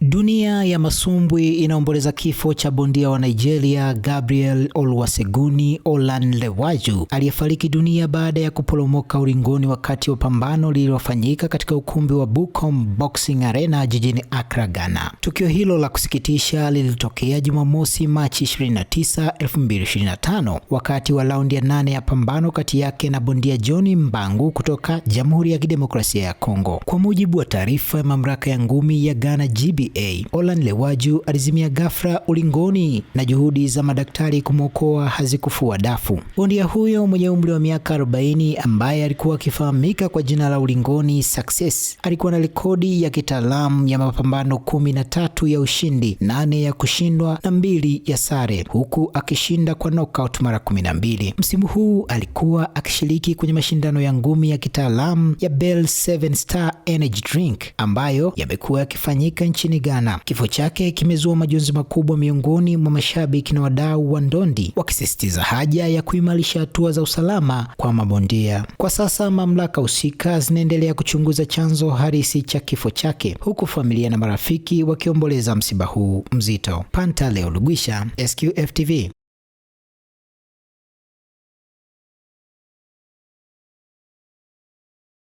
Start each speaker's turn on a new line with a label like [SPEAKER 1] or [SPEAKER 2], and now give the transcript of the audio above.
[SPEAKER 1] Dunia ya masumbwi inaomboleza kifo cha bondia wa Nigeria Gabriel olan Olanrewaju aliyefariki dunia baada ya kuporomoka ulingoni wakati wa pambano lililofanyika katika ukumbi wa Bukom Boxing Arena jijini Accra, Ghana. Tukio hilo la kusikitisha lilitokea Jumamosi, Machi 29, 2025 wakati wa raundi ya nane ya pambano kati yake na bondia John Mbangu kutoka Jamhuri ya Kidemokrasia ya Kongo. Kwa mujibu wa taarifa ya mamlaka ya ngumi ya Ghana GB NBA, Olan Lewaju alizimia ghafla ulingoni na juhudi za madaktari kumwokoa hazikufua dafu. Bondia huyo mwenye umri wa miaka 40 ambaye alikuwa akifahamika kwa jina la ulingoni Success alikuwa na rekodi ya kitaalamu ya mapambano kumi na tatu ya ushindi, nane ya kushindwa na mbili ya sare, huku akishinda kwa knockout mara kumi na mbili. Msimu huu alikuwa akishiriki kwenye mashindano ya ngumi ya kitaalamu ya Bell 7 Star Energy Drink ambayo yamekuwa yakifanyika nchini nchini Ghana. Kifo chake kimezua majonzi makubwa miongoni mwa mashabiki na wadau wa ndondi, wakisisitiza haja ya kuimarisha hatua za usalama kwa mabondia. Kwa sasa mamlaka husika zinaendelea kuchunguza chanzo halisi cha kifo chake, huku familia na marafiki wakiomboleza msiba huu mzito. Panta Leo SQF TV.